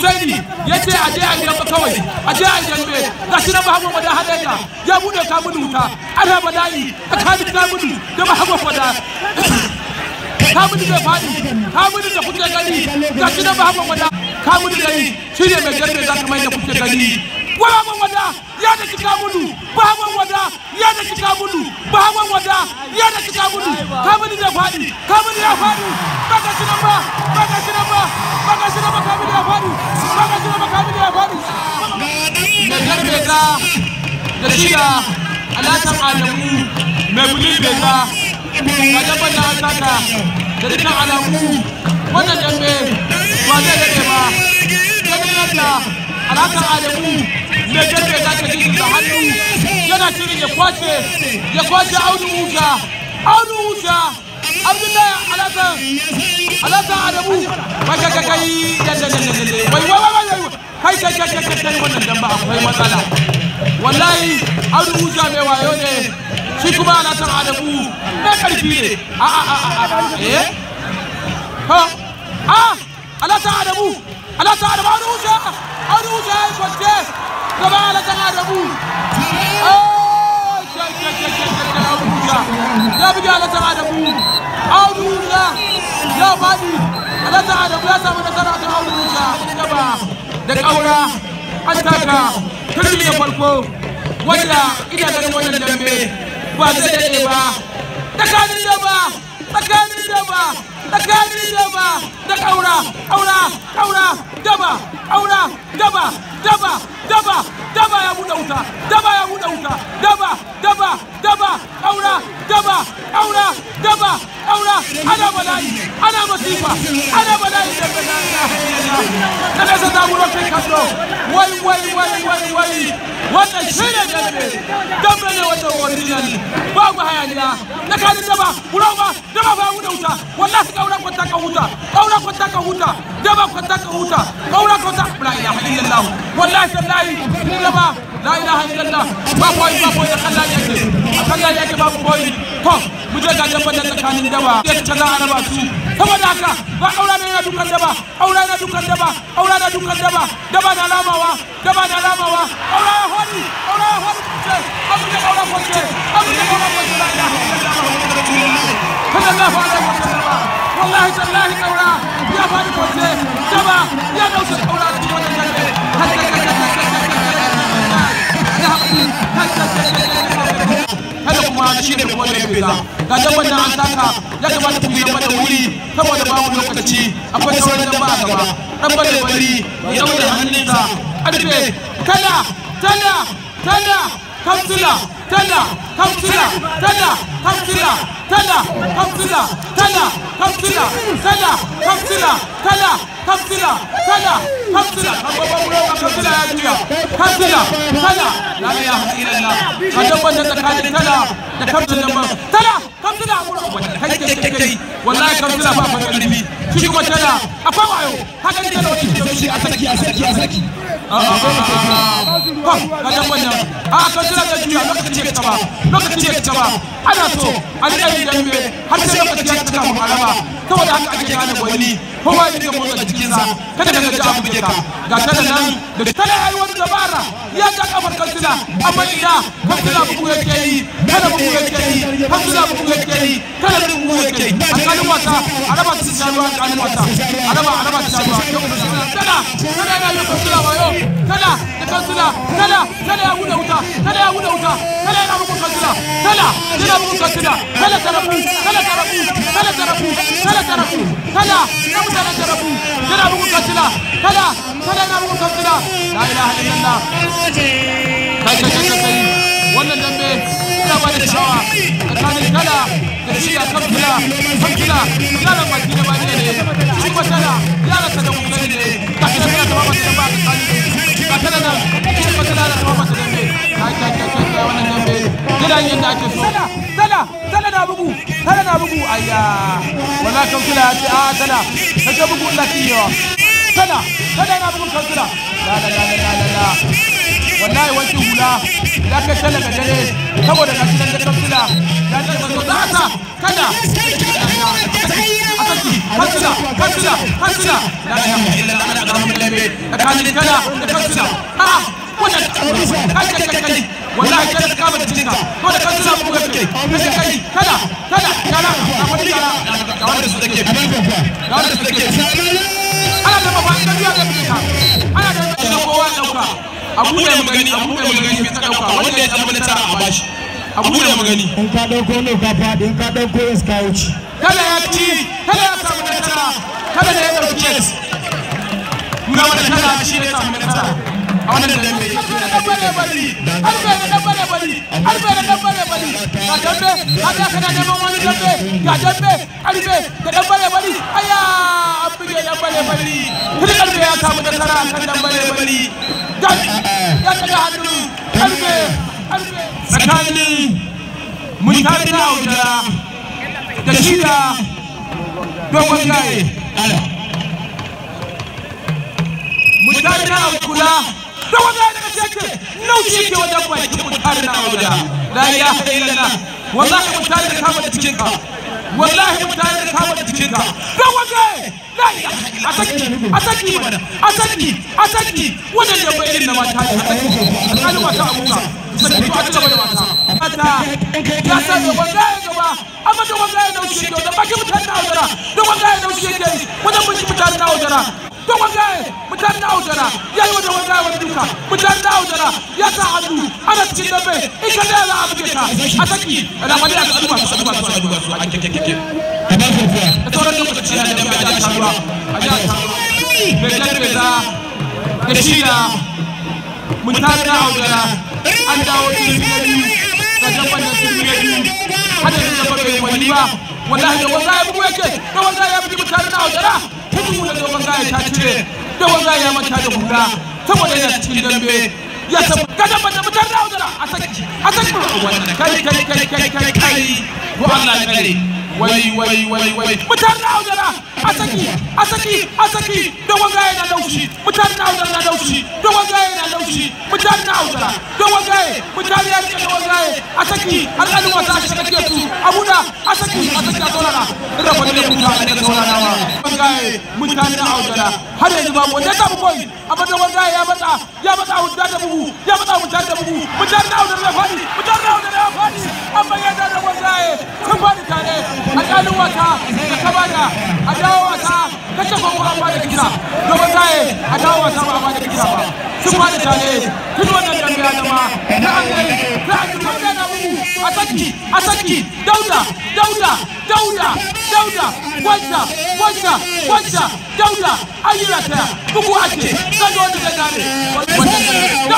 sai ni ya ce a je a ba kawai a je a nemi ga shi na Muhammad Wada Hadaja ya bude ka gudu wuta an haɓa layi a kamin ka gudu da Muhammad Wada ka gudu bai faɗi ka gudu da kuke gani ga shi na Muhammad Wada ka gudu da yi shi ne mai garbe za ka mai da kuke gani gwaraban wada ya da cika gudu baban wada ya da cika gudu baban wada ya da gudu kamini da faɗi kamini ya faɗi baka shi nan ba baka shi nan ba baka shi nan ba kamini ya faɗi baka shi nan ba kamini ya faɗi da karbe ka da shi da alamu mai buli beka ka da haka da dukkan alamu wannan dambe ba zai daɗe ba ganin yadda alhaka adamu mai jirgin za ka ji da hannu yana shirin ya kwace ya kwace audu uta audu uta abdullahi alhaka alhaka adamu maka ka kai lalalalalalai wai wai wai wai kai kai kai kai kai wannan damba akwai matsala wallahi audu uta mai wayo ne shi kuma alhaka adamu na karfi ne a a a a eh ha ah alhaka adamu alhaka adamu audu uta an wuce ya yi kwance gaba alasan adamu oh, ya buge alasan adamu audu ya faɗi alasan adamu ya samu nasara kan gaba da ƙaura an taka turmi da farko ina dambe ba zai daɗe ba ba tsakanin da ba tsakani daba da kaura kaura kaura daba kaura daba daba daba daba ya buɗe wuta daba ya buɗe wuta daba daba daba kaura daba kaura daba kaura ana bala'i ana masifa ana bala'i da bala'i da nesa zamu rafin kallo wai wai wai wai wai wannan shi ne dambe dambe ne wannan original babu hayaniya na kanin daba wuro ba daba ba wuda wuta wallahi su kaura kwanta ka huta kaura kwanta ka huta daba kwanta ka huta kaura kwanta la ilaha illallah wallahi sallahi daba la ilaha illallah ba koyi ba koyi da kallon yake a kallon yake babu koyi to mu je ga dambe da tsakanin daba ya ta za su saboda haka ba aula na dukan daba aula na dukan daba aula na dukan daba daba na lamawa daba na lamawa aula ya hori aula ya hori kuce abu da aula kuce abu da aula kuce la ilaha illallah sallallahu alaihi wasallam wallahi tallahi aula ya fadi kuce daba ya dauke aula dama shi ne mai kone fesa ga dabban nan an taka ya kamata ku yi dabba da wuri saboda babu lokaci akwai sauran dabba a gaba dabba da bari ya zama da hannunsa a tana tana tana kansila tana kansila tana kansila tana kansila tana kansila tana kansila tana kansila tana kansila kansila ya juya kai kai kan tana ba fa karbi shi ko tana akwai wayo haka ne tana wani sai a saki a saki a saki a a ah, ah, ah, ga wannan a kan tana da juya lokaci ke taba lokaci ke taba ana so an da yi dambe har sai lokaci ya cika mu alama haka ake gane gwani kowa ya dinga motsa jikinsa kada ka ga abu ka ga tana nan da tana ai wani dabara ya ta kafar kansila amma kan kansila bugu yake yi kana bugu yake kan kansila bugu yake yi kana bugu mu a ba ta kalin wasa alaba wannan dambe yawa da shawa kala da shi da bani ne shi masana yaran ka da kokari ne masa da masa ake so sala sala na bugu sala na bugu ya ce a sala ka bugu sala sala na la la la la la la wallahi wanki hula ka kai talaka dare saboda ga shi nan da kafsila ya ce ba za ta kada akaki kafsila kafsila la ilaha illallah ana garam lalle da kalin kada da kafsila ha wannan kai kai kai wallahi kada ka cikin ka, ko da kafsila mu ga kike kai kai kada kada kana ga wani kana da wani da dake ga wani su abu da magani abu da magani mai tsaka dauka wanda ya samu nasara a bashi abu da magani in ka dauko ne ka fadi in ka dauko yes ka wuce kada ya ci kada ya samu nasara kada ya dauke yes muna wanda kada shi ne samu nasara a wannan dambe bale bali albere da bale bali albere da bale bali ga dambe hada kana neman wani dambe ga dambe albe da bale bali aya abige da bale bali samu nasara a kan dan bare bari dan ya daga hannu karfe karfe tsakanin mun tare da aujara da shi dogon gaye mun tare da aujara dogon gaye daga cikin naushi ke wajen mun tare da la ilaha illallah wallahi mun tare da kama da cikinka wallahi mun tare da kama da cikinka dogon gaye a saki a saki a saki a saki wannan da bai irin na mata a saki an mata abuka saki ba ta da mata mata ya san da wanda ya gaba amma da wanda ya dauki shi da baki mutane na audara da wanda ya dauki shi da wanda mun mutane na audara da wanda mutane na audara ya yi wanda wanda wani duka mutane na audara ya sa hannu ana cikin dambe in ka da za a buge ka a saki da mali a ka duba ka kamar kofuwa da sauran lokaci yana da bai da shi ba mai jarbeza da an dawo da hada bai ba wallahi da wanda ya bugu yake da wanda ya da ya da saboda yana cikin dambe ya san ka tabbata mutar da a saki a saki kai kai kai kai kai kai ko Allah ya kare wai wai wai wai mutar na audara a saki a saki a saki don gaya na laushi mutar na audara na laushi Don gaya na laushi mutar na audara dogon gaya mutar ya ce dogon gaya a saki alƙalin wasa a shiga ke su abuda a saki a saki a saurara ina fa ne mutar ne saurarawa dogon gaya mutar na audara har yanzu ba mu da ta mu koyi amma dogon gaya ya matsa ya matsa mutar da bugu ya matsa mutar da bugu mutar na audara ya faɗi mutar na audara ya faɗi A alƙalin wasa da kaba da a dawo wasa kashe kwan ba ba da kira gaban zaye a dawo wasa ba ba da kira ba sun ba da tare tun wannan dambiya zama na hankali na hankali na mugu a sarki a sarki dauda dauda dauda dauda wanda wanda wanda dauda ayyura ta bugu ake gado da gane wannan